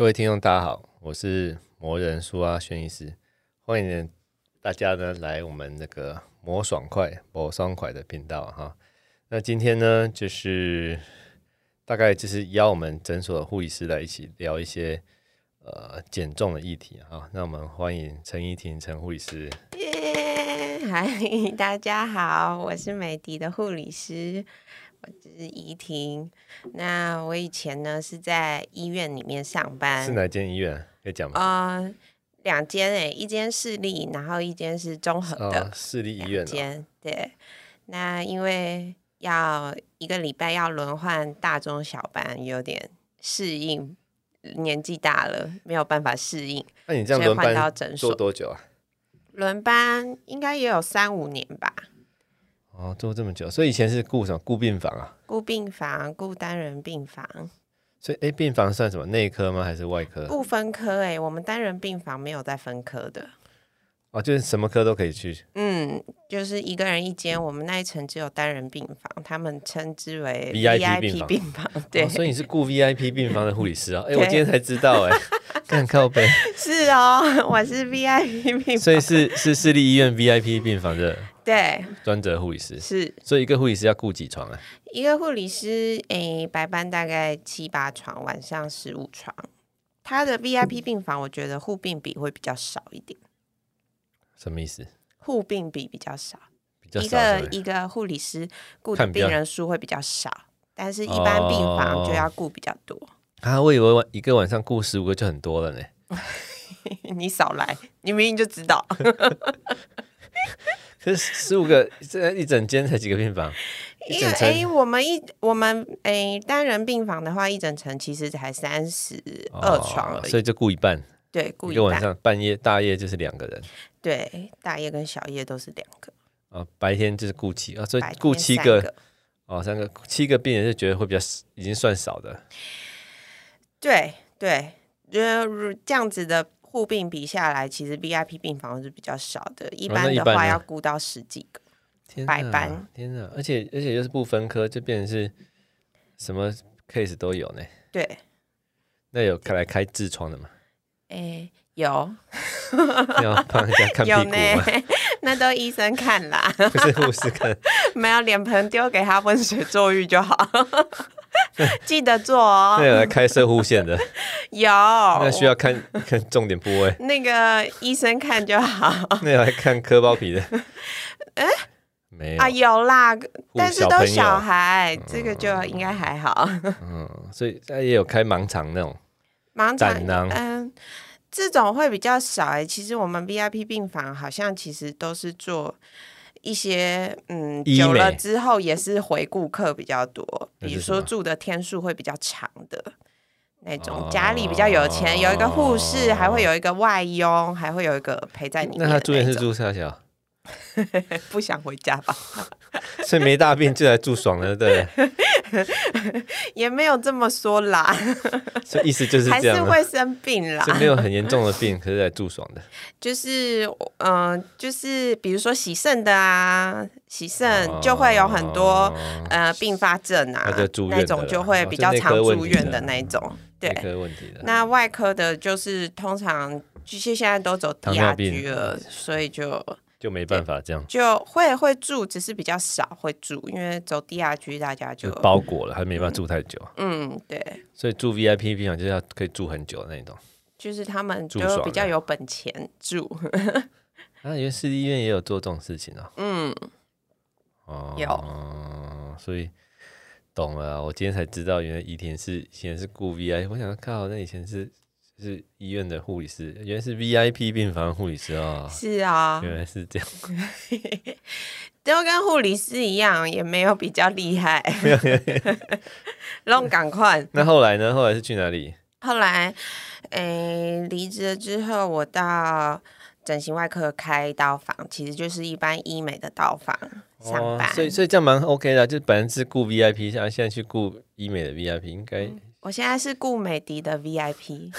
各位聽眾，大家好，我是魔人蘇阿軒醫師，歡迎大家呢來我們那個魔爽快、魔爽快的頻道哈。那今天呢，就是大概就是邀我們診所的護理師來一起聊一些呃減重的議題哈，那我們歡迎陳怡婷陳護理師，嗨、yeah，大家好，我是美迪的的護理師。我是宜婷，那我以前呢是在醫院裡面上班。是哪間醫院？可以講嗎？啊、呃，兩間誒、欸，一間市立，然後一間是綜合的市、呃、立醫院。間。對，那因為要一個禮拜要輪換大中小班，有點適應，年紀大了沒有辦法適應。那你這樣輪班換到診所多，多久啊？輪班應該也有三五年吧。哦，做這麼久，所以以前是顧什麼，顧病房啊？顧病房，顧單人病房。所以哎，病房算什麼內科嗎？還是外科？顧分科哎、欸，我們單人病房沒有在分科的。哦，就是什麼科都可以去。嗯，就是一個人一間，嗯、我們那一層只有單人病房，他們稱之為 VIP, VIP 病房。 對、哦，所以你是顧 VIP 病房的護理師啊、哦？哎， 我今天才知道哎、欸，看、 欸、靠北。 是哦，我是 VIP 病房，所以是是市立醫院 VIP 病房的。 對，專責護理師是，所以一個護理師要顧幾床啊？一個護理師誒，白班大概七八床，晚上十五床。他的 VIP 病房，我覺得護病比會比較少一點。什麼意思？護病比比較少，比較少，一個一個護理師顧的病人數會比較少，但是，一般病房就要顧比較多。哦、啊，我以為一個晚上顧十五個就很多了呢。 你少來，你明明就知道。 可是十五個，這一整間才幾個病房？因為哎，我們一我們哎單人病房的話，一整層其實才三十二床而已。哦，所以就雇一半，對，雇一半，一個晚上半夜大夜就是兩個人，對，大夜跟小夜都是兩個。哦，白天就是雇七啊，哦，所以雇七個,個哦，三個七個病人是覺得會比較已經算少的。對對，覺得這樣子的。護病比下來，其實 VIP 病房是比較少的。一般的話要估到十幾個，啊、般百班。天啊！而且而且又是不分科，就變成是什麼 case 都有呢。對。那有開來開痔瘡的嗎？哎、欸，有。有 幫人家看屁股嗎？有那都醫生看啦， 不是護士看。 沒有臉盆，丟給他溫水坐浴就好。 記得做哦。 那有來開射戶線的 有，那需要看看重點部位。 那個醫生看就好。 那有來看科包皮的 哎、欸，沒有啊，有啦，但是都小孩，嗯、這個就應該還好。 嗯，所以他也有開盲腸那種。盲腸嗯，這種會比較少哎、欸。其實我們 VIP 病房好像其實都是做。一些嗯，久了之後也是回顧客比較多，比如說住的天數會比較長的那種，家裡比較有錢，哦、有一個護士、哦，還會有一個外傭，還會有一個陪在你。那他住也是住小小笑笑，不想回家吧？ 所以沒大病就來住爽了，對 也沒有這麼說啦。 所以意思就是還是會生病啦。沒有很嚴重的病，可是來住爽的。 就是，嗯、呃，就是比如說洗腎的啊，洗腎就會有很多，哦，呃併發症啊那的，那種就會比較常住院的那一種，哦的。對，嗯、科問題的。那外科的，就是通常其實現在都走 DRG 了，所以就。就沒辦法這樣，就會會住，只是比較少會住，因為走 DRG 大家就、就是、包裹了，還沒辦法住太久。嗯，嗯對。所以住 VIP 病房就是要可以住很久那一種，就是他們就比較有本錢住。那、 啊、原來市立醫院也有做這種事情啊、哦，嗯。哦、嗯，有。所以懂了，我今天才知道原來宜婷是以前是住 VIP，我想看靠，那以前是。是醫院的護理師，原來是 V I P 病房護理師哦？是啊、哦，原來是這樣， 都跟護理師一樣，也沒有比較厲害，弄趕快。 那後來呢？後來是去哪裡？後來，誒、欸，離職了之後，我到整形外科開刀房，其實就是一般醫美的刀房、哦、上班，所以所以這樣蠻 O K 的，就本來是顧 V I P，像、啊、現在去顧醫美的 V I P 應該、嗯。我現在是顧美迪的 VIP，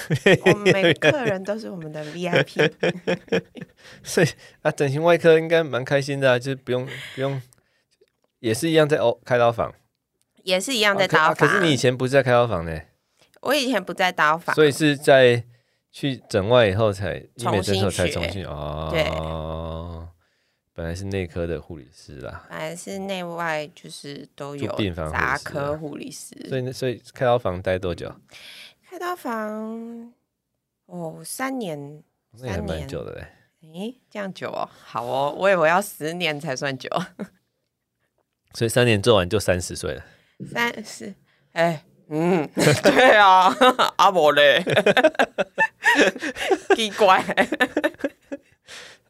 我們每個人都是我們的 VIP。 所以啊，整形外科應該蠻開心的啊，就是不用不用，也是一樣在哦開刀房，也是一樣在刀房。啊可、啊、可是你以前不是在開刀房呢？我以前不在刀房，所以是在去整外以後才重新才重新哦，對。本來是內科的護理師啦，嗯、本來是內外就是都有雜科護理師，理師啊、所以所以開刀房待多久？嗯、開刀房哦，三年，三年蠻久的哎，這樣久哦，好哦，我以為我要十年才算久，所以三年做完就三十歲了，三十，哎、欸，嗯， 對啊，啊沒嘞， 奇怪。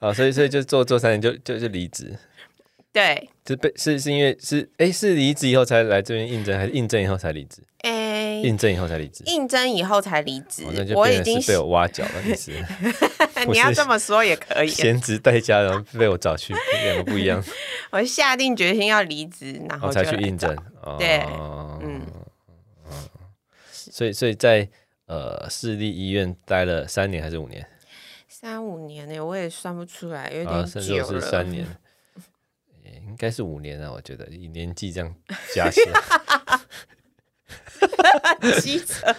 啊、哦，所以，所以就做做三年，就就就離職。對，就被是是因為是誒、欸，是離職以後才來這邊應徵，還是應徵以後才離職？誒、欸。應徵以後才離職，應徵以後才離職。我，我已經是被我挖角了，其實。 你要這麼說也可以。閒職待家，然後被我找去，兩 個不一樣。我下定決心要離職，然後才去應徵。對，嗯。所以，所以在呃市立醫院待了三年還是五年？三五年呢，我也算不出來，有點久了。啊、是三年， 應該是五年了、啊。我覺得以年紀這樣加起來，七成。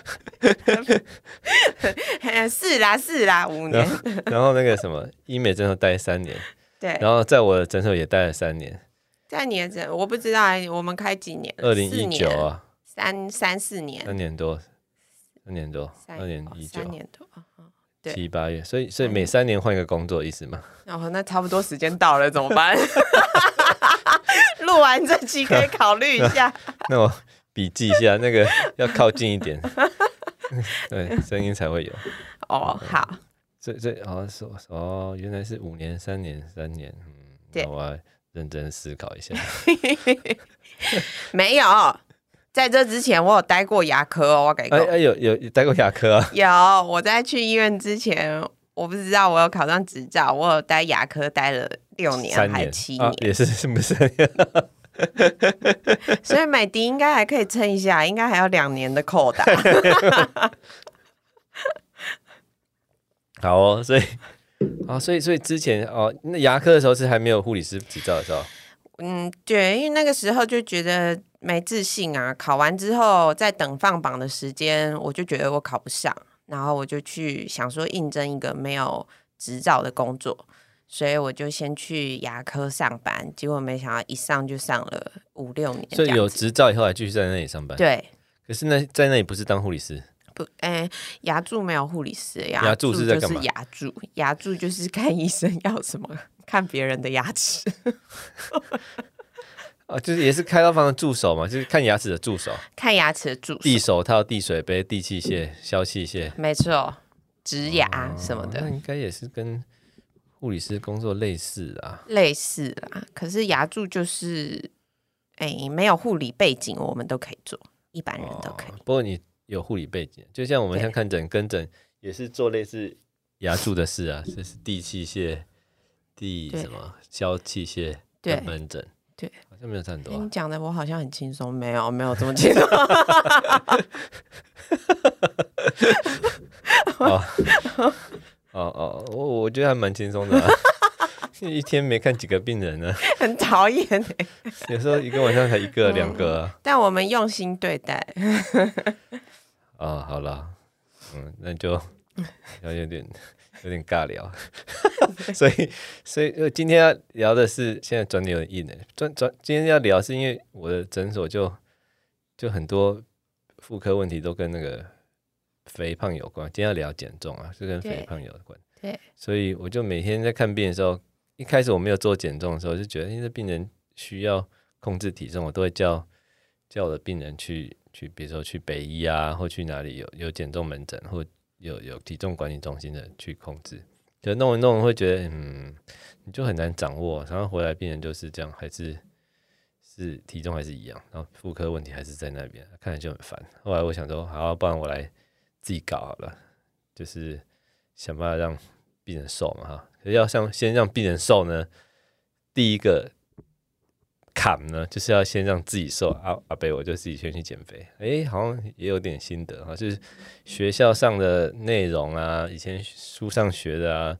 是啦，是啦，五年。然後,然後那個什麼 醫美診所待三年，對。然後在我的診所也待了三年，在你的診我不知道，我們開幾年？二零一九啊，三三,三四年,年,年,三年，三年多，三年多，二零一九。七八月，所以所以每三年換一個工作，意思嗎？然、哦、後那差不多時間到了怎麼辦？錄 完這期可以考慮一下。啊、那，那我筆記一下， 那個要靠近一點， 對，聲音才會有。哦，嗯、好。所以所以哦，哦，原來是五年、三年、三年。嗯，我要認真思考一下。 沒有。在這之前，我有待過牙科哦，我改口，哎哎。有有有待過牙科啊？有，我在去醫院之前，我不知道我有考上執照，我有待牙科待了六年還是七年，年、啊？也是是不是？ 所以美的應該還可以撐一下，應該還有兩年的扣打。 好哦，所以哦，所以所以之前哦，那牙科的時候是還沒有護理師執照的時候？嗯，對，因為那個時候就覺得。沒自信啊！考完之後，在等放榜的時間，我就覺得我考不上，然後我就去想說應徵一個沒有執照的工作，所以我就先去牙科上班。結果沒想到一上就上了五六年。所以有執照以後還繼續在那裡上班？對。可是那在那裡不是當護理師？不，哎、欸，牙柱沒有護理師呀。牙柱，牙柱是在幹嘛？牙、就是、牙柱，牙柱就是看醫生，要什麼看別人的牙齒。 啊，就是也是開刀房的助手嘛，就是看牙齒的助手，看牙齒的助手，遞手套、遞水杯、遞器械，嗯、消器械。沒錯，植牙什麼的，哦、那應該也是跟護理師工作類似啊，類似啊。可是牙助就是，哎、欸，沒有護理背景，我們都可以做，一般人都可以。哦、不過你有護理背景，就像我們像看診、跟診也是做類似牙助的事啊，就是遞器械、遞什麼、消器械、對，門診。對，好像沒有太多、啊欸。你講的我好像很輕鬆，沒有沒有這麼輕鬆。 哦 哦哦，我我覺得還蠻輕鬆的、啊， 一天沒看幾個病人呢、啊，很討厭、欸、有時候一個晚上才一個兩、 嗯、個、啊，但我們用心對待。 哦，好了，嗯，那就要有，有點有點尬聊。 所以，所以呃、欸，今天要聊的是現在轉的有點硬轉轉，今天要聊是因為我的診所就就很多婦科問題都跟那個肥胖有關。今天要聊減重啊，就跟肥胖有關。對，對。所以我就每天在看病的時候，一開始我沒有做減重的時候，就覺得因為病人需要控制體重，我都會叫叫我的病人去去，比如說去北醫啊，或去哪裡有有減重門診，或有有體重管理中心的去控制。就弄一弄，會覺得嗯，你就很難掌握。然後回來，病人就是這樣，還是是體重還是一樣，然後婦科問題還是在那邊，看來就很煩。後來我想說，好，不然我來自己搞好了，就是想辦法讓病人瘦嘛哈。可是要像先讓病人瘦呢，第一個。砍呢，就是要先讓自己瘦啊！阿伯，我就自己先去減肥。哎，好像也有點心得啊，就是學校上的內容啊，以前書上學的啊，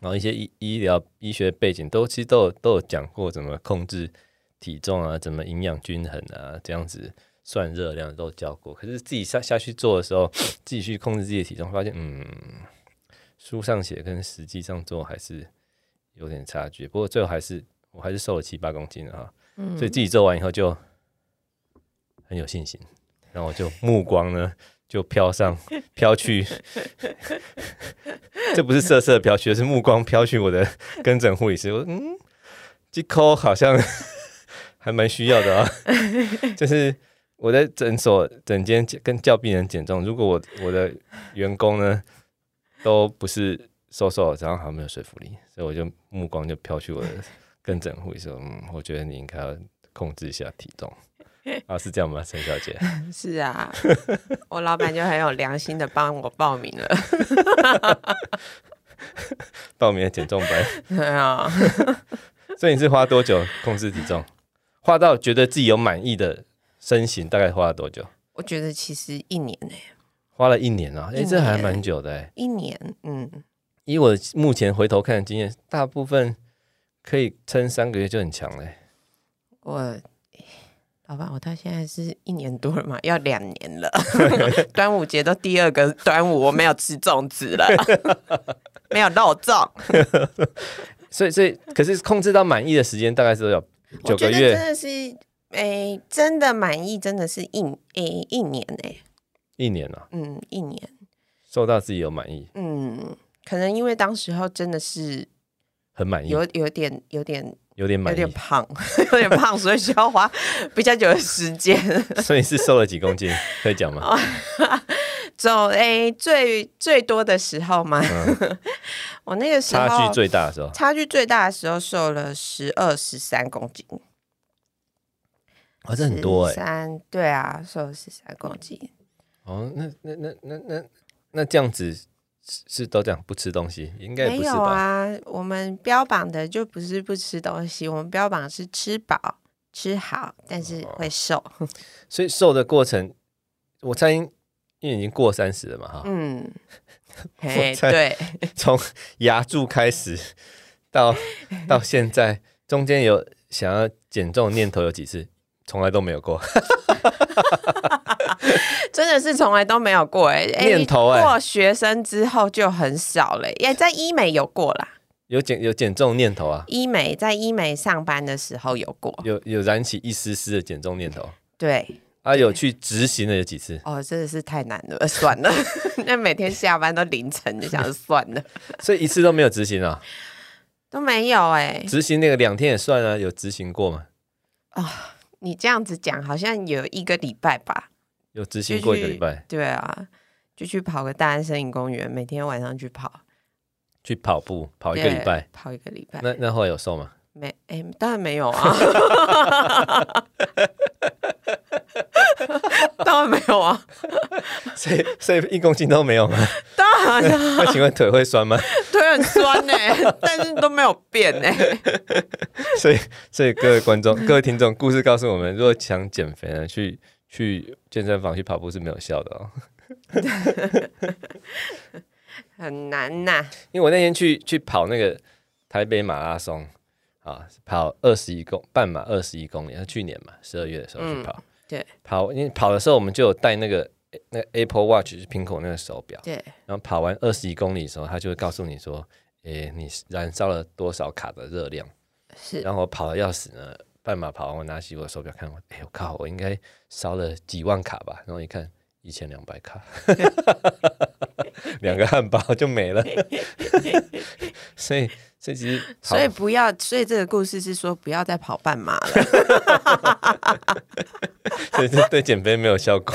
然後一些醫醫療醫學背景都其實都有都有講過怎麼控制體重啊，怎麼營養均衡啊，這樣子算熱量都教過。可是自己下下去做的時候，自己去控制自己的體重，發現嗯，書上寫跟實際上做還是有點差距。不過最後還是。我還是瘦了七八公斤啊、嗯，所以自己做完以後就很有信心。然後我就目光呢就飄上飄去， 這不是色色的飄去，是目光飄去我的跟診護理師，我說：“嗯，這扣好像還蠻需要的啊。 ”就是我在診所整間跟教病人減重，如果我我的員工呢都不是瘦瘦的，然後好像沒有說服力，所以我就目光就飄去我的。跟整護說，嗯，我覺得你應該要控制一下體重啊，是這樣嗎，陳小姐？ 是啊，我老板就很有良心的幫我報名了，報名減重班。對啊，所以你是花多久控制體重？花到覺得自己有滿意的身形，大概花了多久？我覺得其實一年呢、欸，花了一年啊，哎，這還蠻久的、欸。一年，嗯，以我目前回頭看的經驗，大部分。可以撐三個月就很強嘞、欸！我，老爸我到現在是一年多了嘛，要兩年了。 端午節都第二個端午， 我沒有吃粽子了， 沒有肉粽。 所以，所以，可是控制到滿意的時間大概是要九個月，真的是，誒、欸，真的滿意，真的是一，誒、欸，一年誒、欸，一年啊，嗯，一年，瘦到自己有滿意，嗯，可能因為當時候真的是。很滿意，有有點有點有點滿意有點胖，有點胖，所以需要花比較久的時間。 所以是瘦了幾公斤？可以講嗎？哦、走 A、欸、最最多的時候嗎？我、嗯哦、那個時候差距最大的時候，差距最大的時候瘦了十二十三公斤，哇、哦，這很多哎、欸！三對啊，瘦了十三公斤、嗯。哦，那那那那那那這樣子。是，是都這樣不吃東西，應該沒有啊。我們標榜的就不是不吃東西，我們標榜是吃飽吃好，但是會瘦。 所以瘦的過程，我猜經因，因為已經過三十了嘛，哈、嗯，嗯， 對， 從牙柱開始到到現在，中間有想要減重念頭有幾次，從來都沒有過。 真的是從來都沒有過哎、欸欸，念頭哎、欸，過學生之後就很少了、欸。也在醫美有過啦，有減有減重念頭啊。醫美在醫美上班的時候有過，有有燃起一絲絲的減重念頭。對，對啊，有去執行了有幾次哦，真的是太難了，算了，那 每天下班都凌晨就想算了， 所以一次都沒有執行啊，都沒有哎、欸，執行那個兩天也算啊，有執行過嗎？啊、哦，你這樣子講好像有一個禮拜吧。有執行過一個禮拜，對啊，就去跑個大安森林公園，每天晚上去跑，去跑步跑一個禮拜，跑一個禮拜、拜，那那後來有瘦嗎？沒，哎、欸，當然沒有啊， 當然沒有啊，所以所以一公斤都沒有嗎？ 當然了、啊。那請問腿會酸嗎？ 腿很酸哎、欸，但是都沒有變哎、欸， 所以所以各位觀眾、各位聽眾，故事告訴我們，如果想減肥呢，去。去健身房去跑步是沒有效的哦， 很難吶、啊。因為我那天去去跑那個台北馬拉松啊，跑二十一公半馬二十一公里，是去年嘛，十二月的時候去跑。嗯、對，跑因為跑的時候，我們就有帶那個那 Apple Watch 蘋果那個手錶，對。然後跑完二十一公里的時候，它就會告訴你說，誒，你燃燒了多少卡的熱量？是。然後我跑得要死呢。半馬跑完，我拿起我的手錶看，哎我靠，我應該燒了幾萬卡吧？然後一看，一千兩百卡，兩 個漢堡就沒了。 所以，所以其實，所以不要，所以這個故事是說，不要再跑半馬了。 所以對減肥沒有效果，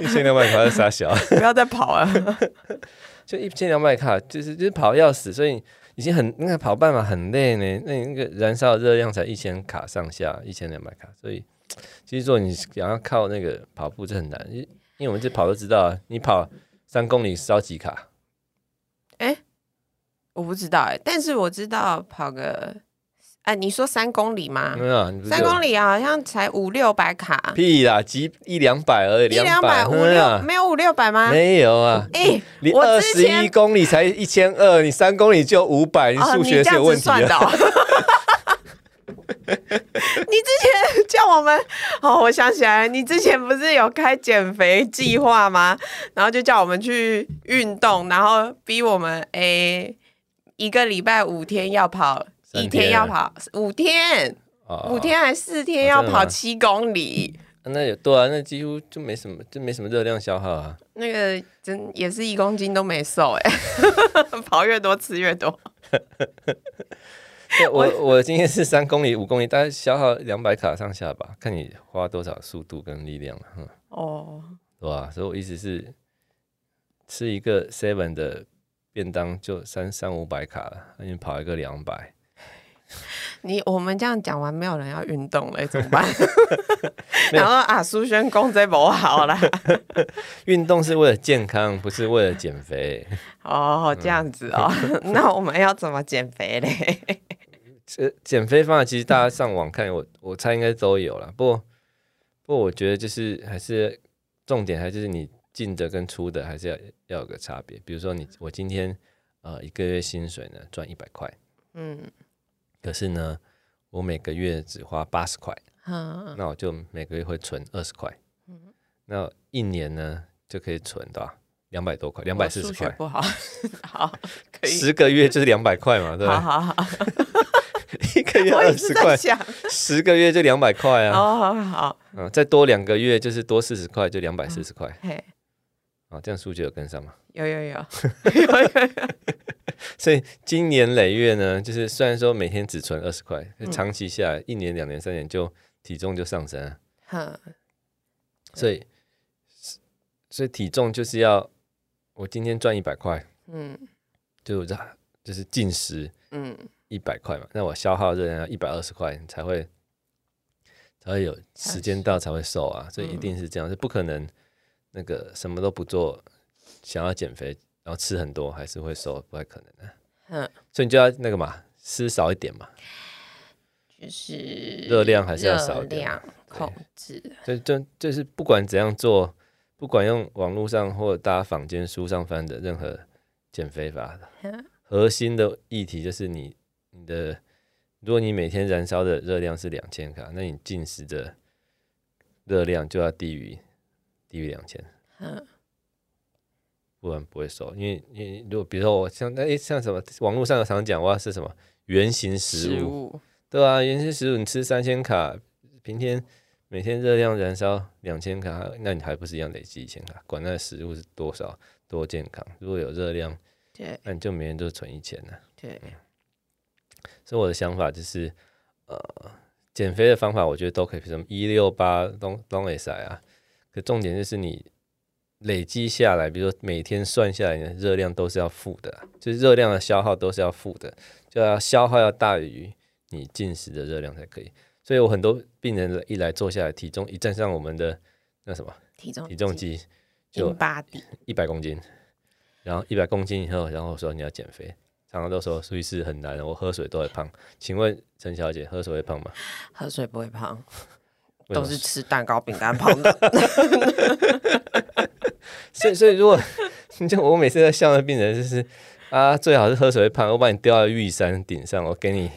一千兩百卡是啥小？不要再跑啊！就一千兩百卡，就是就是跑要死，所以。已經很那個跑半馬很累呢，那那個燃燒熱量才一千卡上下，一千兩百卡，所以其實說你想要靠那個跑步就很難，因為我們這跑都知道，你跑三公里燒幾卡？哎、欸，我不知道哎、欸，但是我知道跑個。哎、呃，你說三公里嗎？嗯啊、三公里啊，好像才五六百卡。屁啦，幾一兩百而已，一兩百五六、嗯啊，沒有五六百嗎？沒有啊。哎、欸，我二十一公里才一千二，你三公里就五百，你數學有問題啊！呃你這樣子算哦、 你之前叫我們哦，我想起來，你之前不是有開減肥計劃嗎？ 然後就叫我們去運動，然後逼我們哎、欸，一個禮拜五天要跑。天一天要跑五天、哦，五天還是四天要跑七公里？哦、 那也對啊，那幾乎就沒什麼，就沒什麼熱量消耗啊。那個真也是一公斤都沒瘦誒、欸， 跑越多吃越多。 我我今天是三公里、五公里，大概消耗兩百卡上下吧，看你花多少速度跟力量了、嗯。哦，是所以我一直是吃一個 seven 的便當就三三五百卡了，那你跑一個兩百。你我們這樣講完，沒有人要運動了、欸。怎麼辦？ 然後啊，蘇軒公再不好了。運 動是為了健康，不是為了減肥、欸。哦，這樣子哦，嗯、那我們要怎麼減肥嘞？這、呃、減肥方法其實大家上網看我，我我猜應該都有了。不過，不過我覺得就是還是重點，還是你進的跟出的還是要要有個差別。比如說你我今天呃一個月薪水呢賺一百塊，嗯。可是呢，我每個月只花八十塊，那我就每個月會存二十塊，那一年呢就可以存到兩百多塊，兩百四十塊。數學不好， 好，可以。十個月就是兩百塊嘛，對吧？好好，好 一個月二十塊，十個月就兩百塊啊。好好好，嗯，再多兩個月就是多四十塊，就兩百四十塊。這樣數據有跟上嗎？有有有有有有。 所以，今年累月呢，就是雖然說每天只存二十塊，長期下來，一年、兩年、三年就，就體重就上升啊。哈、嗯，所以，所以體重就是要我今天賺一百塊，嗯，就我就是進食100，嗯，一百塊嘛，那我消耗熱量要一百二十塊你才會，才會有時間到才會瘦啊、嗯。所以一定是這樣，是不可能那個什麼都不做想要減肥。然後吃很多還是會瘦，不太可能的。所以你就要那個嘛，吃少一點嘛，就是熱量還是要少量控制。所以，就就是不管怎樣做，不管用網絡上或者大家坊間書上翻的任何減肥法，核心的議題就是你你的，如果你每天燃燒的熱量是兩千卡，那你進食的熱量就要低於低於兩千。不然不會瘦，因為因為如果比如說我像那、欸、像什麼網絡上常講，我要吃什麼原型食，食物？對啊，原型食物你吃三千卡，平天每天熱量燃燒兩千卡，那你還不是一樣累積一千卡？管那食物是多少多少健康？如果有熱量，對，那你就每天都存一千呢。對、嗯，所以我的想法就是，呃，減肥的方法我覺得都可以，什麼一六八東東，n g si 啊，可重點就是你。累積下來，比如說每天算下來，熱量都是要負的，就是熱量的消耗都是要負的，就要消耗要大於你進食的熱量才可以。所以我很多病人一來坐下來，體重一站上我們的那什麼體重體重機就八一百公斤，然後一百公斤以後，然後我說你要減肥，常常都說所以是很難，我喝水都會胖。請問陳小姐喝水會胖嗎？喝水不會胖， 都是吃蛋糕餅乾胖的。 所以，所以如果就我每次在笑的病人，就是啊，最好是喝水會胖。我把你吊到玉山頂上，我給你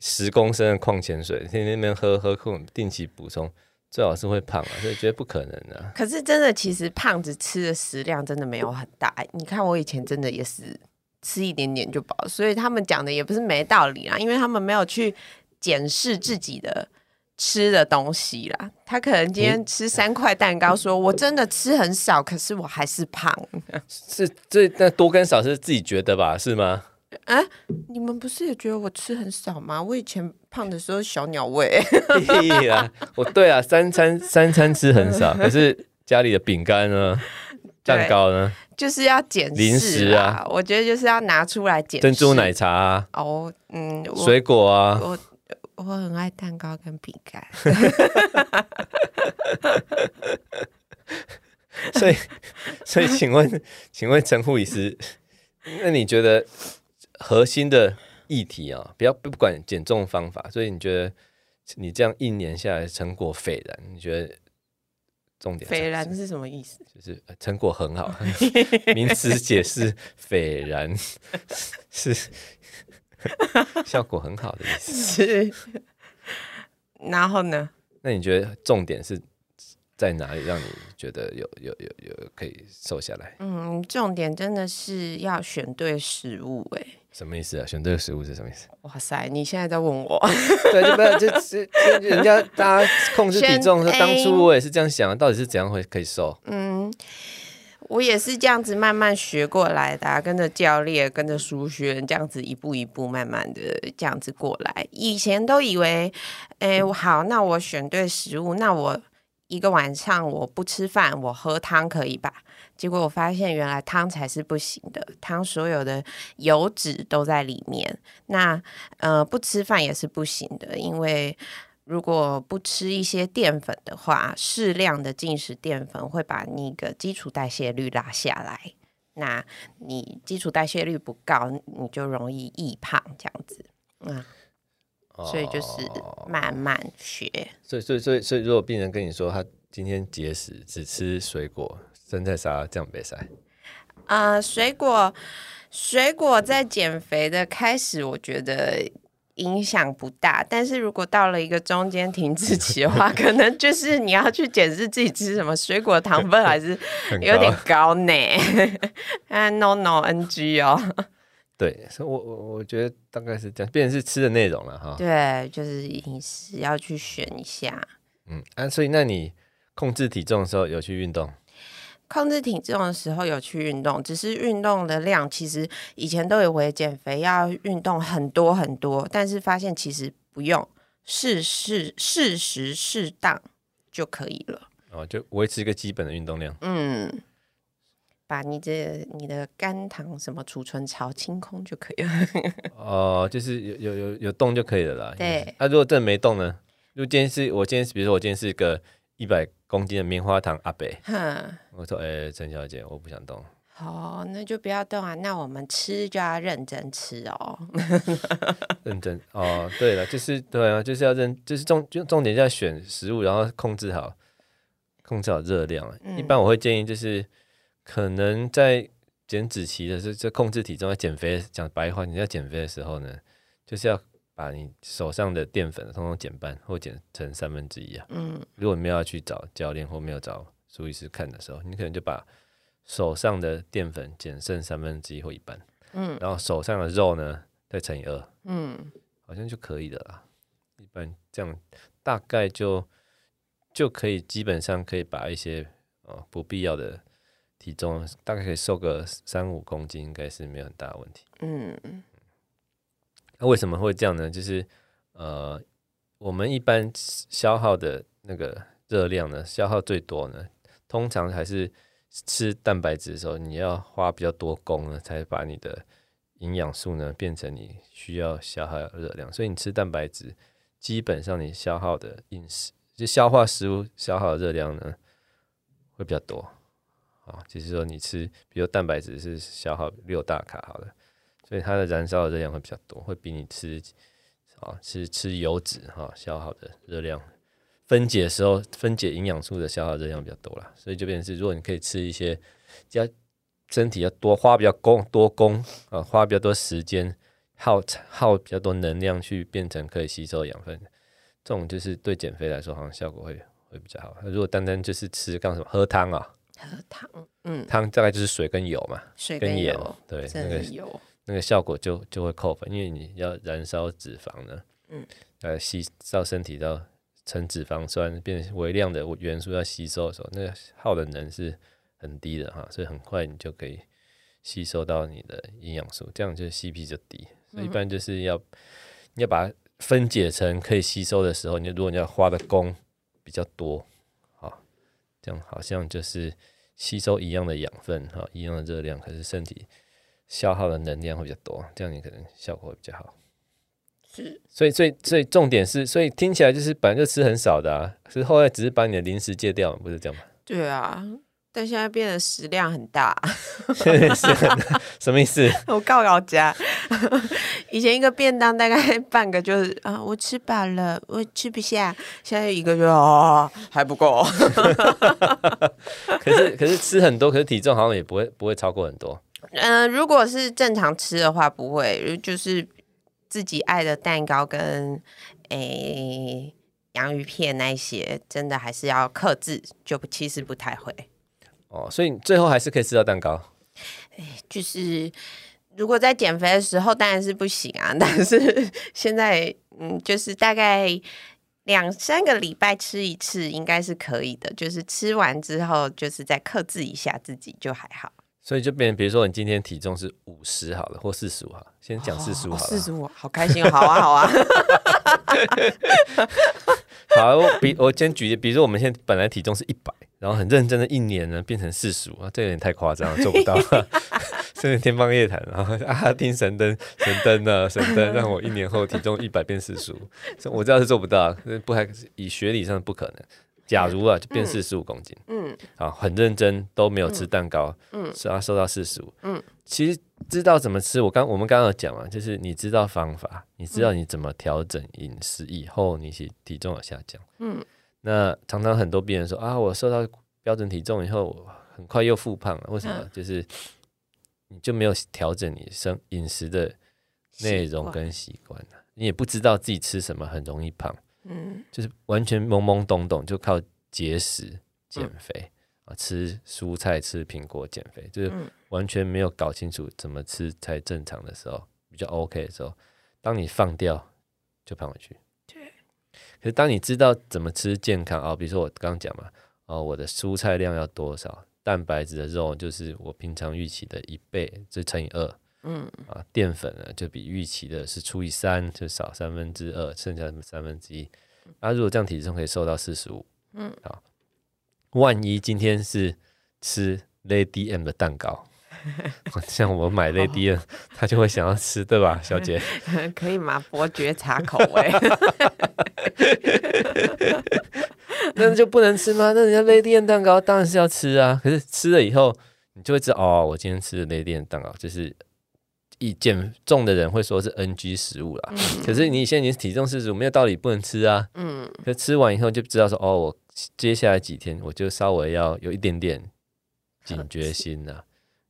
十公升的礦泉水，天天那邊喝喝，喝空定期補充，最好是會胖啊。所以覺得不可能的、啊。可是真的，其實胖子吃的食量真的沒有很大、欸。你看我以前真的也是吃一點點就飽，所以他們講的也不是沒道理啦，因為他們沒有去檢視自己的吃的東西啦。他可能今天吃三塊蛋糕說，說、嗯、我真的吃很少，可是我還是胖。是這那多跟少是自己覺得吧？是嗎、欸？你們不是也覺得我吃很少嗎？我以前胖的時候小鳥胃、欸。對、欸、啊， 我對啊，三餐三餐吃很少，可是家裡的餅乾呢， 蛋糕呢，就是要減、啊、零食啊。我覺得就是要拿出來減珍珠奶茶、啊。哦，嗯，水果啊。我很愛蛋糕跟餅乾 ，所以所以，請問，請問陳護理師，那你覺得核心的議題啊、哦，不要不管，減重方法，所以你覺得你這樣一年下來成果斐然，你覺得重點斐然是什麼意思？就是成果很好， 名詞解釋斐然 是。 效果很好的意思。 是，然後呢？那你覺得重點是在哪裡？讓你覺得有有有有可以瘦下來？嗯，重點真的是要選對食物哎、欸。什麼意思啊？選對食物是什麼意思？哇塞！你現在在問我？ 對，就不要就是人家大家控制體重，是當初我也是這樣想，到底是怎樣會可以瘦？嗯。我也是這樣子慢慢學過來的、啊，跟着教練，跟着舒萱這樣子一步一步慢慢的這樣子過來。以前都以為，哎、欸，好，那我選對食物，那我一個晚上我不吃飯，我喝湯可以吧？結果我發現原來湯才是不行的，湯所有的油脂都在裡面。那呃，不吃飯也是不行的，因為，如果不吃一些澱粉的話，適量的進食澱粉會把那個基礎代謝率拉下來。那你基礎代謝率不高，你就容易易胖這樣子。那、嗯哦、所以就是慢慢學。所以所以所以所以，如果病人跟你說他今天節食，只吃水果、生菜沙拉這樣、樣貝沙，啊，水果水果在減肥的開始，我覺得。影響不大，但是如果到了一個中間停滯期的話， 可能就是你要去檢視自己吃什麼水果糖分 還是有點高呢？啊 ，no no，ng 哦，對，所以我我我覺得大概是這樣，變成是吃的內容了哈、哦。對，就是飲食要去選一下。嗯，啊，所以那你控制體重的時候有去運動？控制體重的時候有去運動，只是運動的量其實以前都有會減肥要運動很多很多，但是發現其實不用，適時適時適當就可以了。哦，就維持一個基本的運動量。嗯，把你這你的肝糖什麼儲存槽清空就可以了。 哦，就是有有有有動就可以了啦。對，那、嗯啊、如果真的沒動呢？就今天是我今天，比如說我今天是一個。一百公斤的棉花糖，阿伯。哼，我說，哎、欸，陳小姐，我不想動。好、哦，那就不要動啊。那我們吃就要認真吃哦。 認真哦，對了，就是對啊，就是要認，就是重，就重點要選食物，然後控制好，控制好熱量。嗯、一般我會建議，就是可能在減脂期的時候，是這控制體重要減肥，講白話，你在減肥的時候呢，就是要。把、啊、你手上的澱粉通通減半或減成三分之一啊，嗯。如果你沒有要去找教練或沒有找蘇醫師看的時候，你可能就把手上的澱粉減剩三分之一或一半，嗯。然後手上的肉呢，再乘以二。嗯，好像就可以的啦。一般這樣大概就就可以基本上可以把一些、呃、不必要的體重，大概可以瘦個三五公斤，應該是沒有很大的問題。嗯。那、啊、為什麼會這樣呢？就是，呃，我們一般消耗的那個熱量呢，消耗最多呢，通常還是吃蛋白質的時候，你要花比較多功呢，才把你的營養素呢變成你需要消耗的熱量。所以你吃蛋白質，基本上你消耗的飲食就消化食物消耗的熱量呢，會比較多。啊，就是說你吃，比如蛋白質是消耗六大卡，好了。所以它的燃燒的熱量會比較多，會比你吃啊、哦、吃吃油脂哈、哦、消耗的熱量分解的時候分解營養素的消耗熱量比較多啦。所以就變成是，如果你可以吃一些要身體要多花比較工多工啊，花比較多時間耗耗比較多能量去變成可以吸收的養分，這種就是對減肥來說好像效果會會比較好。如果單單就是吃剛什麼喝湯啊，喝湯嗯湯大概就是水跟油嘛，水跟油跟鹽對那個那個效果就就會扣分，因為你要燃燒脂肪呢，嗯，來、呃、吸到身體到成脂肪酸，變為微量的元素要吸收的時候，那個耗的能是很低的哈，所以很快你就可以吸收到你的營養素，這樣就 C P 就低，嗯。所以一般就是要你要把它分解成可以吸收的時候，你如果你要花的功比較多，啊，這樣好像就是吸收一樣的養分哈，一樣的熱量，可是身體，消耗的能量會比較多，這樣你可能效果會比較好。是，所以，所以，所以重點是，所以聽起來就是本來就吃很少的啊，可是後來只是把你的零食戒掉，不是這樣嗎？對啊，但現在變得食量很大， 是很大，什麼意思？ 我告我老家， 以前一個便當大概半個就是啊，我吃飽了，我吃不下。現在一個就哦、啊，還不夠。 可是可是吃很多，可是體重好像也不會不會超過很多。嗯、呃，如果是正常吃的話，不會，就是自己愛的蛋糕跟誒、欸、洋芋片那些，真的還是要克制，就不其實不太會。哦，所以最後還是可以吃到蛋糕。哎、呃，就是如果在減肥的時候當然是不行啊，但是現在嗯，就是大概兩三個禮拜吃一次應該是可以的，就是吃完之後就是再克制一下自己就還好。所以就變成，比如說你今天體重是五十好了，或四十五哈，先講四十五好了。四十五，oh, oh, oh, 45, 好開心 好啊，好啊。 好啊，我比我先舉例，比如說我們現在本來體重是一百，然後很認真的一年呢變成四十五啊，這個有點太誇張了，做不到， 甚至天方夜譚。然後啊，聽神燈，神燈啊，神燈讓我一年後體重一百變四十五，所以我知道是做不到，不還以學理上不可能。假如啊，就變四十五公斤，嗯，啊、嗯，很認真都沒有吃蛋糕，嗯，是啊，瘦到四十五，嗯，其實知道怎麼吃，我剛我們剛剛有講啊，就是你知道方法，你知道你怎麼調整飲食以後，你其實體重有下降，嗯，那常常很多病人說啊，我瘦到標準體重以後，我很快又復胖了，為什麼？啊、就是你就沒有調整你生飲食的內容跟習慣、啊，你也不知道自己吃什麼很容易胖。嗯，就是完全懵懵懂懂，就靠節食減肥、嗯、啊，吃蔬菜吃蘋果減肥，就是完全沒有搞清楚怎麼吃才正常的時候，比較 OK 的時候，當你放掉就胖回去。對。可是當你知道怎麼吃健康啊，比如說我剛剛講嘛，啊，我的蔬菜量要多少，蛋白質的肉就是我平常預期的一倍，就乘以二。嗯啊，澱粉呢就比預期的是除以三，就少三分之二，剩下什麼三分之一。那、啊、如果這樣體重可以瘦到四十五，嗯，好、啊。萬一今天是吃 Lady M 的蛋糕， 啊、像我買 Lady M，、哦、他就會想要吃，對吧，小姐 可以嗎？伯爵茶口味， 那就不能吃嗎？那人家 Lady M 蛋糕當然是要吃啊。可是吃了以後，你就會知道哦，我今天吃的 Lady M 蛋糕就是。一減重的人會說是 NG 食物啦、嗯，可是你現在已經體重四十五，沒有道理不能吃啊。嗯，可吃完以後就知道說，哦，我接下來幾天我就稍微要有一點點警覺心吶、啊。’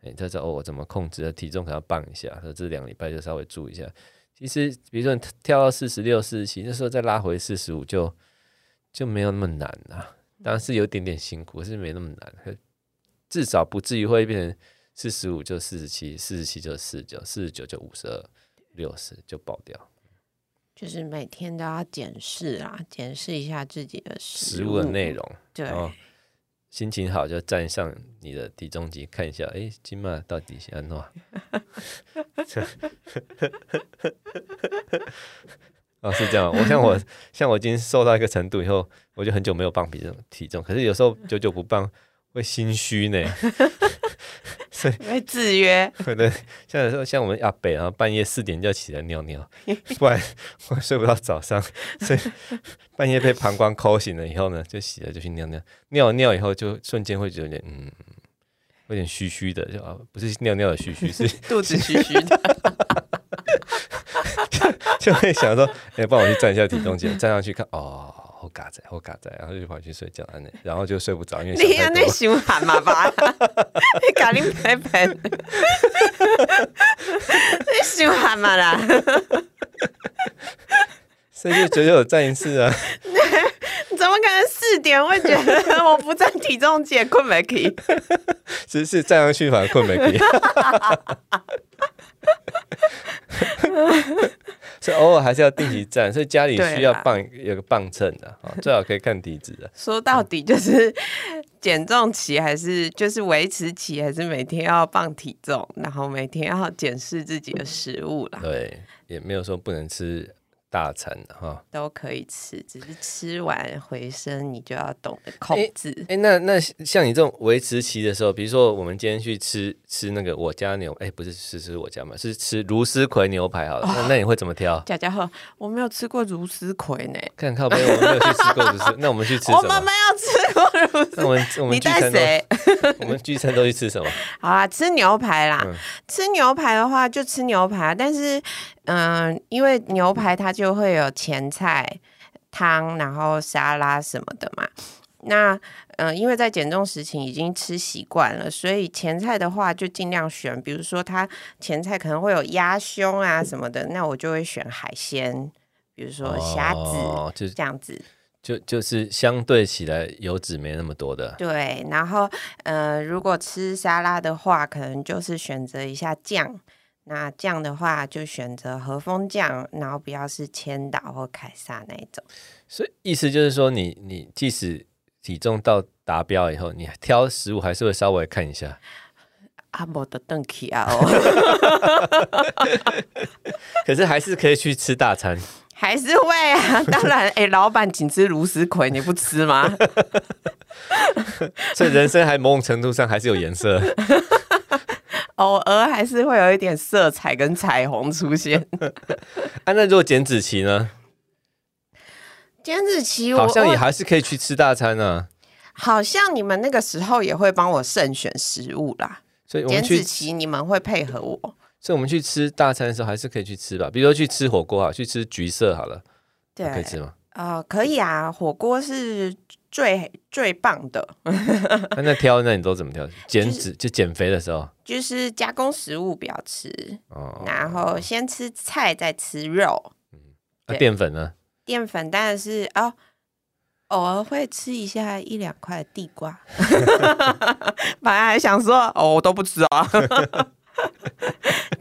誒、哎，他說，哦，我怎麼控制的體重？可要磅一下，說這兩禮拜就稍微注意一下。其實，比如說你跳到四十六、四十七，那時候再拉回四十五，就就沒有那麼難了、啊。當然是有一點點辛苦，可是沒那麼難，至少不至於會變成。四十五就四十七，四十七就四十九，四十九就五十二，六十就爆掉。就是每天都要檢視啊，檢視一下自己的食物，食物的內容。對，心情好就站上你的體重機看一下，哎，今晚到底是安怎。 哦，是這樣。我像我 像我，已經瘦到一個程度以後，我就很久沒有磅體重體重，可是有時候久久不磅。 會心虛呢， 所以會自約。對，像說像我們阿北，啊，半夜四點就要起來尿尿，不然我睡不到早上。所以半夜被膀胱摳醒了以後呢，就起來就去尿尿，尿尿以後就瞬間會覺得有點嗯，有點虛虛的，就、啊、不是尿尿的虛虛，是 肚子虛虛的 就，就會想說哎，幫、欸、我去站一下體重計，站上去看哦。好嘎在，好嘎在，然後就跑去睡覺，安內，然後就睡不着，因為你安內想喊嘛吧？ 你搞恁白板？你想喊嘛啦？所以就只有站一次啊？你 怎麼可能四點會覺得我不站體重減困？沒可以？只 是 站上去反而困沒可以？ 所以偶爾還是要定期站，所以家裡需要磅 有個磅秤的，最好可以看體脂的。說到底就是減、嗯、重期，還是就是維持期，還是每天要磅體重，然後每天要檢視自己的食物啦。對，也沒有說不能吃。大餐哈，都可以吃，只是吃完回升，你就要懂得控制。哎、欸欸，那那像你這種維持期的時候，比如說我們今天去吃吃那個我家牛，哎、欸，不是吃吃我家嘛，是吃茹絲葵牛排好了。那、哦、那你會怎麼挑？賈家賀，我沒有吃過茹絲葵。呢。看看，沒有，我沒有去吃過茹絲葵。 那我們去吃什麼？我們沒有吃過茹絲。我們你帶誰？我們聚餐都， 我們聚餐都去吃什麼？好啊，吃牛排啦！嗯、吃牛排的話，就吃牛排，但是。嗯，因為牛排它就會有前菜、湯、然後沙拉什麼的嘛。那嗯，因為在減重時期已經吃習慣了，所以前菜的話就盡量選，比如說它前菜可能會有鴨胸啊什麼的，那我就會選海鮮，比如說蝦子，就這樣子，哦、就就，就是相對起來油脂沒那麼多的。對，然後嗯、呃，如果吃沙拉的話，可能就是選擇一下醬。那這樣的話，就選擇和風醬，然後不要是千島或凱撒那一種。所以意思就是說你，你你即使體重到達標以後，你挑食物還是會稍微看一下。阿的啊哦。 可是還是可以去吃大餐。還是會啊，當然，哎、欸，老闆，請吃如筍葵，你不吃嗎？ 所以人生還某種程度上還是有顏色。 偶爾還是會有一點色彩跟彩虹出現、 啊。那那如果減脂期呢？減脂期我好像也還是可以去吃大餐啊。好像你們那個時候也會幫我慎選食物啦。所以減脂期你們會配合我，所以我們去吃大餐的時候還是可以去吃吧。比如說去吃火鍋啊，去吃橘色好了，對，啊、可以吃嗎？啊、呃，可以啊，火鍋是。最最棒的，那挑那你都怎麼挑？減脂就減肥的時候，就是加工食物不要吃，哦、然後先吃菜，再吃肉。嗯，那、啊、澱粉呢？澱粉但是哦，偶爾會吃一下一兩塊地瓜。 本來還想說，哦，我都不吃啊。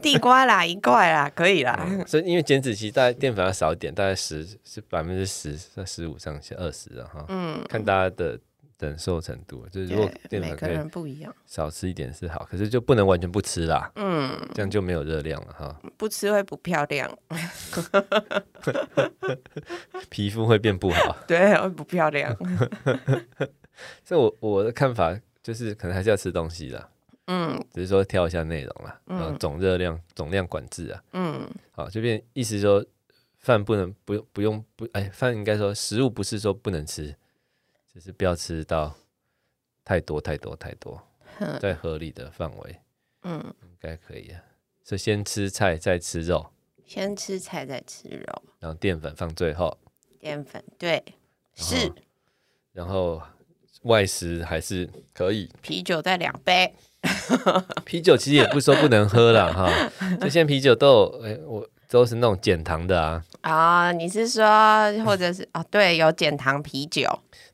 地瓜啦，一塊啦，可以啦。嗯，所以，因為減脂期大概澱粉要少一點，大概十是百分之十在十五上下二十的哈。嗯，看大家的忍受程度，就是如果澱粉可能每個人不一樣，少吃一點是好，可是就不能完全不吃啦。嗯，這樣就沒有熱量了哈。不吃會不漂亮， 皮膚會變不好。對，會不漂亮。 所以我我的看法就是，可能還是要吃東西的。嗯，只是說挑一下內容了、啊。嗯，總熱量總量管制啊。嗯，好，這邊意思說飯不能不不用不哎，飯應該說食物不是說不能吃，就是不要吃到太多太多太多，在合理的範圍。嗯，應該可以的、啊。是先吃菜再吃肉，先吃菜再吃肉，然後澱粉放最後。澱粉對是，然後外食還是可以。啤酒再兩杯。 啤酒其實也不說不能喝了 哈，就現在啤酒都有哎、欸、我都是那種減糖的啊啊！Uh, 你是說或者是啊、嗯哦？對，有減糖啤酒。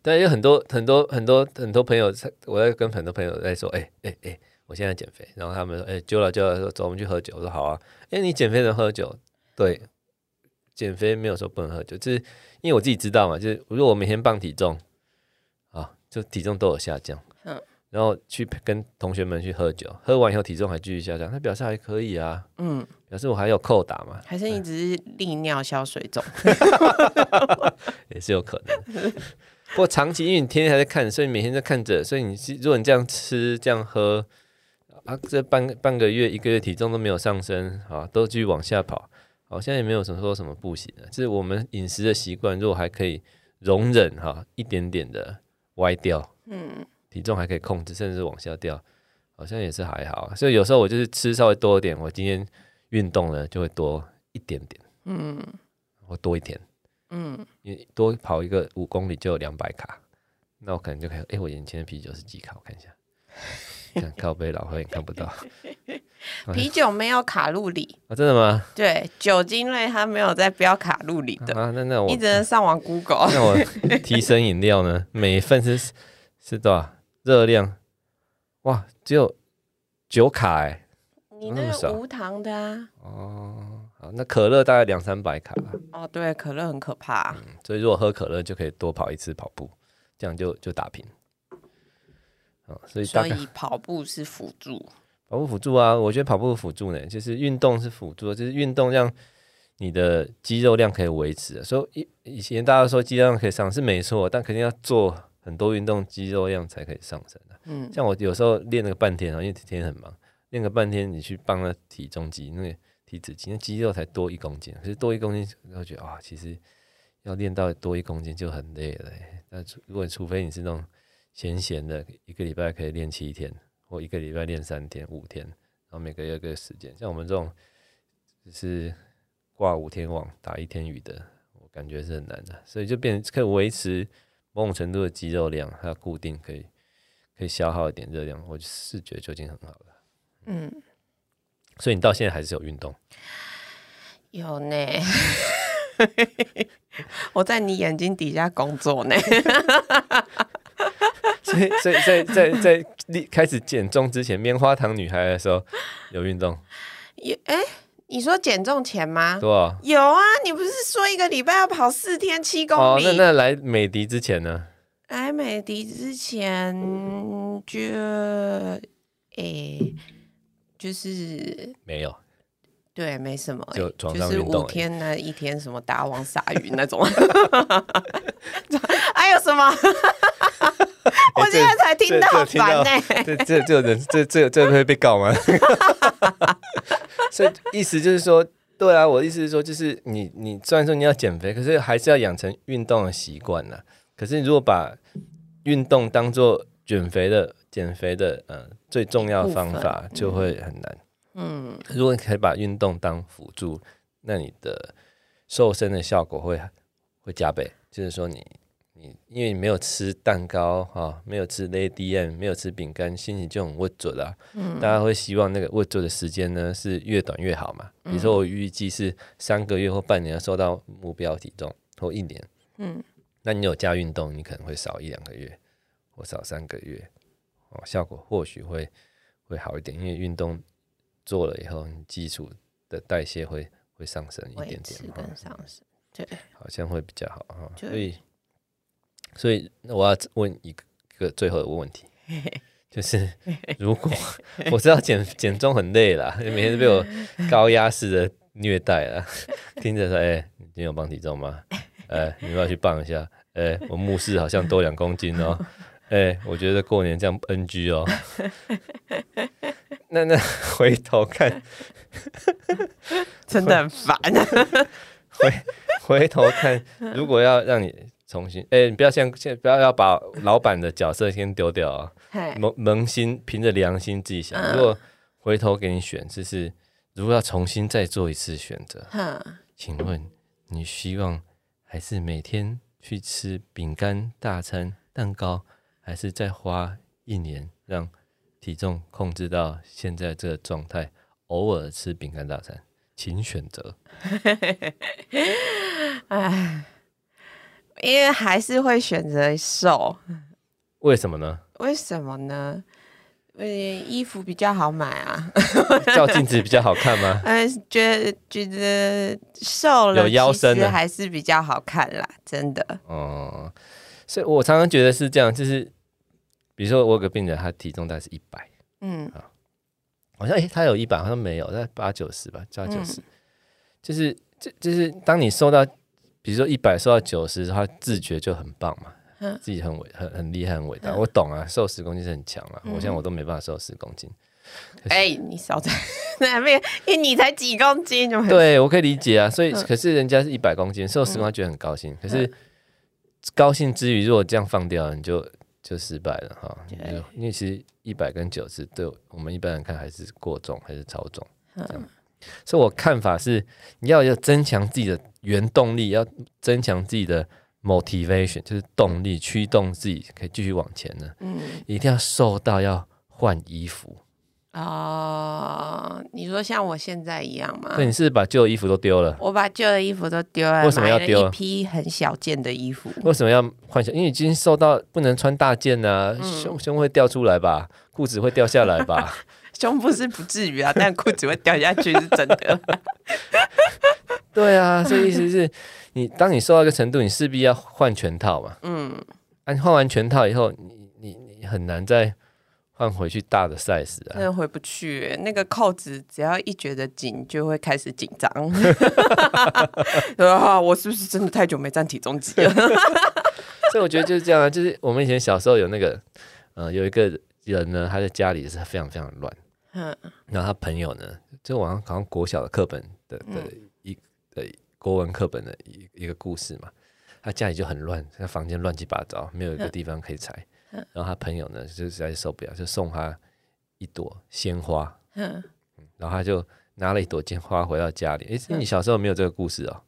對，有很多很多很多很多朋友，我在跟很多朋友在說，哎哎哎，我現在減肥，然後他們說，哎、欸，揪了揪了，說走，我們去喝酒。我說好啊，哎、欸，你減肥能喝酒？對，減肥沒有說不能喝酒，就是因為我自己知道嘛，就是如果我每天磅體重，啊，就體重都有下降。然後去跟同學們去喝酒，喝完以後體重還繼續下降，他表示還可以啊，嗯，表示我還有扣打嘛，還是你只是利尿消水腫，嗯、 也是有可能。 不過長期因為你天天還在看，所以你每天在看着，所以你如果你這樣吃這樣喝，啊，這半半個月一個月體重都沒有上升，啊，都繼續往下跑，好像也沒有什麼說什麼不行的，就是我們飲食的習慣如果還可以容忍哈、啊，一點點的歪掉，嗯。體重還可以控制，甚至往下掉，好像也是還好。所以有時候我就是吃稍微多一點，我今天運動呢就會多一點點，嗯，會多一點，嗯，你多跑一個五公里就有兩百卡，那我可能就可以，哎、欸，我眼前的啤酒是幾卡？我看一下， 看靠北老黑也看不到 啊，啤酒沒有卡路里，啊，真的嗎？對，酒精類它沒有在標卡路里的、啊、那那我一直能上網 Google。 那我提神飲料呢？每一份是是多少？熱量，哇，只有九卡哎、欸！你那個無糖的啊，怎麼那麼少？哦，好，那可樂大概兩三百卡吧。哦，對，可樂很可怕、嗯。所以如果喝可樂，就可以多跑一次跑步，這樣就就打平。哦、所以所以跑步是輔助。跑步輔助啊，我覺得跑步輔助呢，就是運動是輔助，就是運動讓你的肌肉量可以維持的。所以以以前大家說肌肉量可以上是沒錯，但肯定要做，很多運動肌肉量才可以上升的，嗯，像我有時候練了半天、啊、因為天天很忙，練個半天，你去幫他體重機，那個體脂機，那肌肉才多一公斤，可是多一公斤，我覺得啊，其實要練到多一公斤就很累了。那除如果除非你是那種閒閒的，一個禮拜可以練七天，或一個禮拜練三天、五天，然後每個月個時間，像我們這種，是掛五天網打一天雨的，我感覺是很難的，所以就變可以維持某種程度的肌肉量，它固定可以可以消耗一點熱量，我就視覺就已經很好了。嗯，所以你到現在還是有運動？有呢， 我在你眼睛底下工作呢。 所以，所以在，在在在你開始減重之前，棉花糖女孩的時候有運動？有哎。欸你說減重前嗎、啊？有啊。你不是說一個禮拜要跑四天七公里、哦？那那來美的之前呢？來美的之前就誒、嗯欸，就是沒有，對，沒什麼，欸、就床、就是、五天呢，一天什麼打網撒魚那種 還有什麼？ 我現在才聽到，很煩呢。這這這人，這這、欸、這,這,這,這,這,這,這,這會被告嗎？ 所以意思就是說，對啊，我的意思就是說，就是你你雖然說你要減肥，可是還是要養成運動的習慣吶。可是你如果把運動當做減肥的減肥的嗯、呃，最重要的方法，就會很難。嗯，如果你可以把運動當輔助、嗯，那你的瘦身的效果會會加倍。就是說你。你因為你沒有吃蛋糕哈、哦，沒有吃 Lady M，沒有吃餅乾，心情就很鬱卒了。大家會希望那個鬱卒的時間呢是越短越好嘛。比如說我預計是三個月或半年要瘦到目標體重或一年。嗯，那你有加運動，你可能會少一兩個月或少三個月，哦，效果或許會會好一點，嗯、因為運動做了以後，你基礎的代謝會會上升一點點。上升、哦、對，好像會比較好哈、哦。所以。所以我要問一個最後一個問題，就是如果我知道減減重很累了，每天都被我高壓式的虐待了，聽着說，哎、欸，你有磅體重嗎？哎、欸，你要去磅一下，哎、欸，我目視好像多兩公斤哦，哎、欸，我覺得過年這樣 NG 哦，那那回頭看，真的很煩， 回回頭看，如果要讓你。重新，哎、欸，你不要先先不要要把老闆的角色先丟掉啊！萌萌新憑着良心自己想。 如果回頭給你選，就是如果要重新再做一次選擇， 請問你希望還是每天去吃餅乾大餐蛋糕，還是再花一年讓體重控制到現在這個狀態，偶爾吃餅乾大餐？請選擇。哎。 因為還是會選擇瘦，為什麼呢？為什麼呢？因為衣服比較好買啊，照 鏡子比較好看嗎？嗯，覺得覺得瘦了有腰身的還是比較好看啦，真的。哦、嗯，所以我常常覺得是這樣，就是比如說我有個病人，他體重大概是一百，嗯，好像哎，他、欸、有一百，好像沒有，那八九十吧，八九十，就是就就是當你瘦到。比如說一百瘦到九十，他自覺就很棒嘛，嗯、自己很偉、很很厲害、很偉大。嗯、我懂啊，瘦十公斤是很強啊、嗯。我現在我都沒辦法瘦十公斤。哎、嗯欸，你少在那邊， 因為你才幾公斤對，我可以理解啊。所以，嗯、可是人家是一百公斤瘦十公斤，公斤他覺得很高興。嗯、可是高興之餘，如果這樣放掉，你就就失敗了哈。因為其實一百跟九十，對我們一般人看還是過重，還是超重。嗯。所以我看法是，你要有增強自己的。原動力，要增強自己的 motivation，就是動力驅動自己可以繼續往前呢。嗯，一定要瘦到要換衣服啊、哦！你說像我現在一樣嗎？對，你是不是把舊的衣服都丟了？我把舊的衣服都丟了，為什麼要丟？一批很小件的衣服？為什麼要換小？因為已經瘦到不能穿大件啊，嗯、胸胸會掉出來吧，褲子會掉下來吧。 胸部是不至於啊，但褲子會掉下去 是真的、啊。 對啊，所以意思是你當你瘦到一個程度，你勢必要換全套嘛。嗯，那換完全套以後，你你你很難再換回去大的 size 啊。那回不去，那個扣子只要一覺得緊，就會開始緊張。啊 我是不是真的太久沒站體重機了？ 所以我覺得就是這樣啊，就是我們以前小時候有那個，呃，有一個人呢，他在家裡是非常非常亂。嗯，然後他朋友呢，就網上好像國小的課本的、嗯、的一的國文課本的一一個故事嘛，他家裡就很亂，他房間亂七八糟，沒有一個地方可以踩、嗯。然後他朋友呢，就實在受不了，就送他一朵鮮花。嗯，然後他就拿了一朵鮮花回到家裡。誒，你小時候沒有這個故事哦？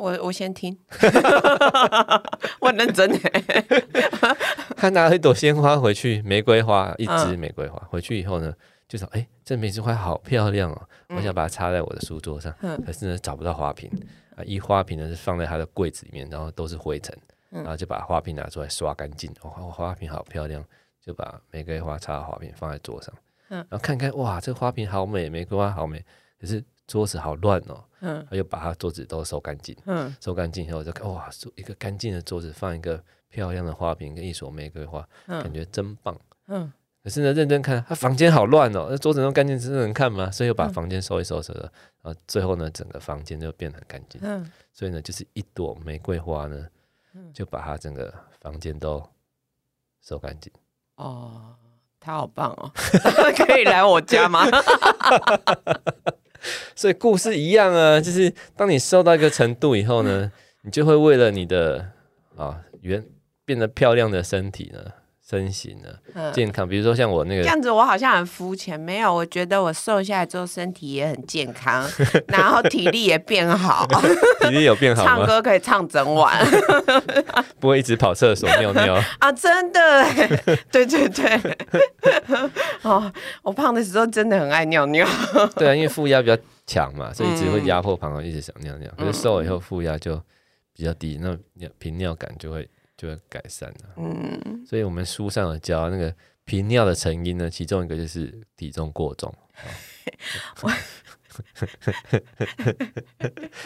我我先聽， 我認真的 他拿了一朵鮮花回去，玫瑰花，一枝玫瑰花、嗯。回去以後呢，就說：“哎，這玫瑰花好漂亮哦，我想把它插在我的書桌上。嗯”可是呢，找不到花瓶啊。一花瓶呢是放在他的櫃子裡面，然後都是灰塵、嗯。然後就把花瓶拿出來刷乾淨。哦，花、哦、花瓶好漂亮，就把玫瑰花插到花瓶放在桌上。嗯、然後看看哇，這個花瓶好美，玫瑰花好美，可是，桌子好亂哦，他、嗯、就把他桌子都收乾淨。嗯，收乾淨以後就，就哇，一個乾淨的桌子，放一個漂亮的花瓶跟一朵玫瑰花、嗯，感覺真棒、嗯。可是呢，認真看，他、啊、房間好亂哦，那桌子那麼乾淨，真的能看嗎？所以又把房間收一收、嗯，然後最後呢，整個房間就變得很乾淨。嗯，所以呢，就是一朵玫瑰花呢，就把他整個房間都收乾淨。哦，他好棒哦， 可以來我家嗎？ 所以故事一樣啊，就是當你瘦到一個程度以後呢，嗯、你就會為了你的啊原變得漂亮的身體呢。身形呢、啊，健康，比如說像我那個這樣子，我好像很膚淺，沒有，我覺得我瘦下來之後身體也很健康， 然後體力也變好， 體力有變好嗎？唱歌可以唱整晚， 不會一直跑廁所尿尿 啊！真的，對對對， 哦，我胖的時候真的很愛尿尿， 對啊，因為負壓比較強嘛，所以只會壓迫膀胱，一直想尿尿、嗯。可是瘦了以後負壓就比較低，那尿頻尿感就會。就會改善了。嗯，所以，我們書上有教那個頻尿的成因呢，其中一個就是體重過重，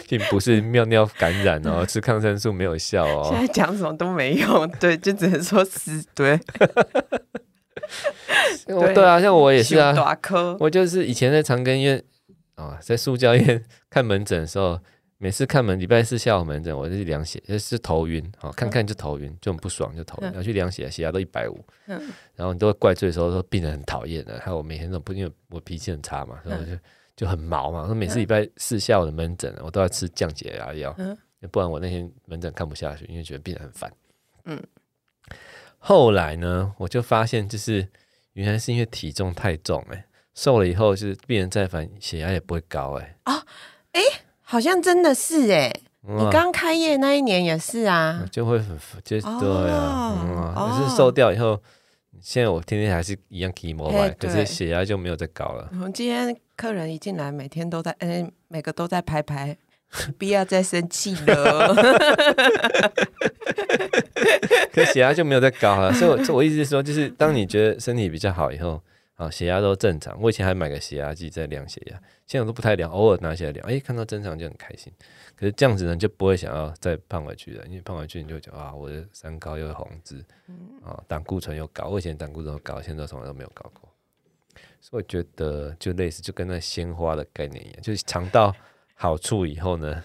並、哦、 不是尿尿感染哦、嗯，吃抗生素沒有效哦。現在講什麼都沒用，對，就只能說死對， 對。對啊，像我也是啊，我就是以前在長庚醫院啊、哦，在樹教院看門診的時候。每次看門，禮拜四下午門診，我就去量血，也是頭暈，哦，看看就頭暈，就很不爽就頭暈、嗯，然後去量血，血壓都一百五，然後你都會怪罪說說病人很討厭的，還有我每天都不，因為我脾氣很差嘛，然後就、嗯、就很毛嘛，說每次禮拜四下午的門診、嗯，我都要吃降血壓藥、啊嗯，不然我那天門診看不下去，因為覺得病人很煩。嗯，後來呢，我就發現就是原來是因為體重太重，欸，哎，瘦了以後，就是病人再煩，血壓也不會高、欸，哎、啊，哎、欸。好像真的是哎、欸、嗯、啊，你剛開業那一年也是啊，就會就、哦、對啊、嗯、啊、哦，可是瘦掉以後，現在我天天還是一樣 keep mobile、欸、可是血壓就沒有再高了。我們今天客人一進來，每天都在、欸，每個都在拍拍，不要再生氣了。 可血壓就沒有再高了，所以我，我我意思是說，就是當你覺得身體比較好以後，啊，血壓都正常。我以前還買個血壓計在量血壓。現在都不太量，偶爾拿起來量，哎、欸，看到正常就很開心。可是，這樣子呢，你就不會想要再胖回去了。因為胖回去你就覺得啊，我的三高又會紅字，啊、哦，膽固醇又高。我以前膽固醇高，現在從來都沒有高過。所以我覺得就類似，就跟那鮮花的概念一樣，就是嘗到好處以後呢，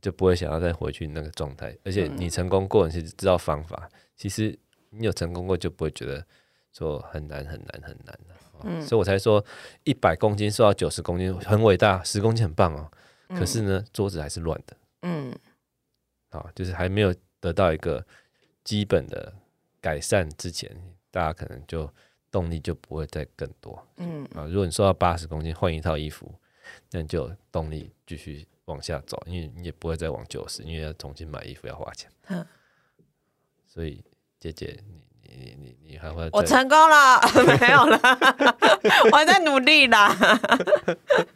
就不會想要再回去那個狀態。而且你成功過，你是知道方法。其實你有成功過，就不會覺得。做很難很難很難、啊嗯、所以我才說一百公斤瘦到九十公斤很偉大，十公斤很棒哦、啊。可是呢，嗯、桌子還是亂的。嗯、啊，就是還沒有得到一個基本的改善之前，大家可能就動力就不會再更多。嗯，啊，如果你瘦到八十公斤，換一套衣服，那你就動力繼續往下走，因為你也不會再往九十，因為要重新買衣服要花錢。所以姐姐你。你你你你還會？我成功了，沒有了， 我還在努力啦，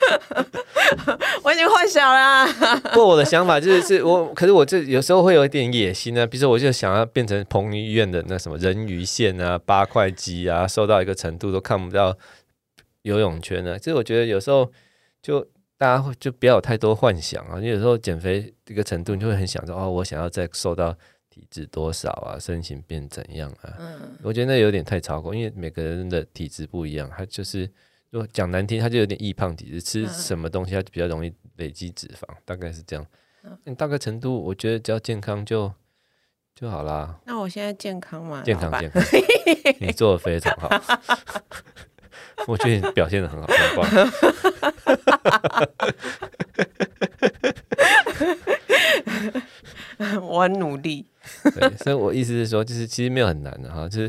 我已經幻想啦。不過我的想法就是是我，可是我這有時候會有一點野心呢，、啊。比如說，我就想要變成彭於晏的那什麼人魚線啊、八塊肌啊，瘦到一個程度都看不到游泳圈啊。其實我覺得有時候就大家就不要有太多幻想啊。你有時候減肥這個程度，你就會很想着哦，我想要再瘦到。體脂多少啊？身形變怎樣啊，嗯？我覺得那有點太超過，因為每個人的體質不一樣，他就是如果講難聽，他就有點易胖體質，吃什麼東西他就比較容易累積脂肪，大概是這樣。嗯，嗯大概程度，我覺得只要健康就就好啦。那我現在健康嘛？健康，健康， 你做的非常好， 我覺得你表現得很好， 棒的 我很棒。努力。 對所以，我意思是說，就是其實沒有很難的、啊、哈。就是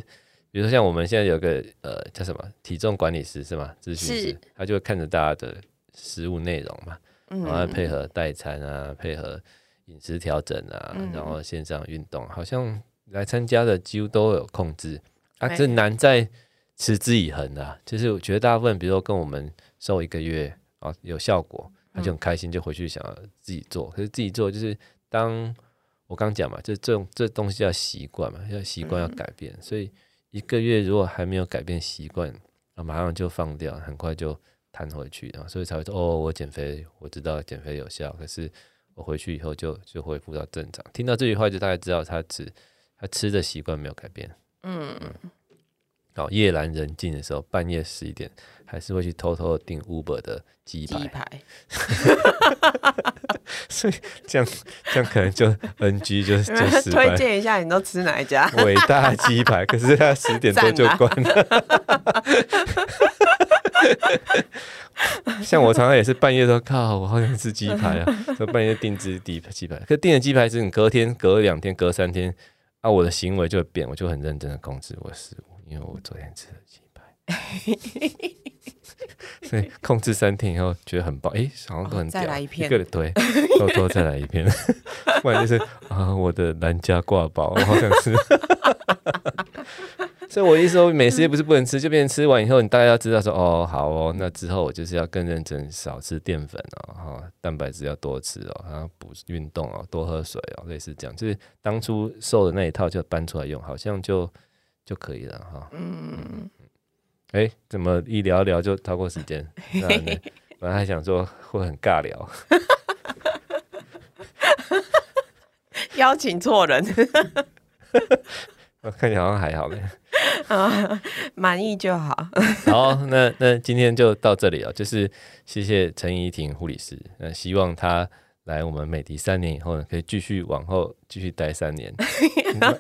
比如說，像我們現在有個呃叫什麼體重管理師是嗎？諮詢師是，他就會看着大家的食物內容嘛，然後配合代餐啊，嗯、配合飲食調整啊，然後線上運動、嗯，好像來參加的幾乎都有控制。啊，這、欸、難在持之以恆啊。就是絕大部分，比如說跟我們瘦一個月啊有效果，他就很開心、嗯，就回去想要自己做。可是自己做就是當。我剛講嘛，這這種這東西叫習慣嘛，要習慣要改變，嗯，所以一個月如果還沒有改變習慣，那、啊、馬上就放掉，很快就彈回去，然、啊、後所以才會說哦，我減肥，我知道減肥有效，可是我回去以後就就恢復到正常。聽到這句話就大概知道他吃他吃的習慣沒有改變。嗯，嗯，好、哦，夜闌人靜的時候，半夜十一點。還是會去偷偷的訂 Uber 的雞排，雞排 所以這樣這樣可能就 NG 就。就是推薦一下，你都吃哪一家？偉大的雞排。 可是它十點多就關了。啊、 像我常常也是半夜都靠，我好想吃雞排啊！說 半夜訂製第一排雞排，可訂了雞排是你隔天、隔兩天、隔三天，啊，我的行為就會變，我就很認真的控制我的食物，因為我昨天吃了雞排。 所以控制三天以後覺得很棒，哎，好像都很屌，哦、再來一片，一個對，多多再來一片。不 然就是啊，我的藍家割包，我好想吃。 所以我的意思說，美食也不是不能吃，就變成吃完以後，你大概要知道說，哦，好哦，那之後我就是要更認真少吃澱粉哦，哈、哦，蛋白質要多吃哦，然後補運動哦，多喝水哦，類似這樣，就是當初瘦的那一套就搬出來用，好像就就可以了哈、哦。嗯。哎、欸，怎麼一聊一聊就超過時間？ 本來還想說會很尬聊， 邀請錯錯人。我 看你好像還好呢。啊、 嗯，滿意就好。 好，那那今天就到這裡了，就是謝謝陳怡婷護理師。那希望她來我們美的三年以後呢，可以繼續往後繼續待三年，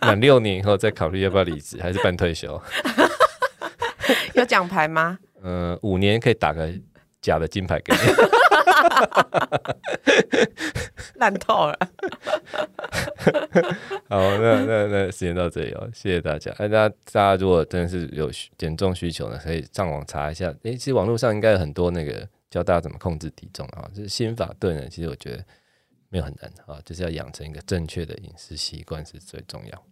滿 六年以後再考慮要不要離職，還是辦退休。 有獎牌嗎？呃，五年可以打個假的金牌給你，爛 透 套了。 好，那那那時間到這裡哦，謝謝大家。大家大家如果真的是有減重需求呢，可以上網查一下。哎、欸，其實網絡上應該有很多那個教大家怎麼控制體重啊。就是心法對呢，其實我覺得沒有很難啊，就是要養成一個正確的飲食習慣是最重要。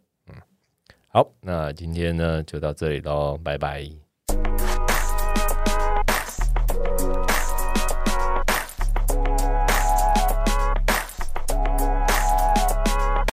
好，那今天呢，就到這裡嘍，拜拜。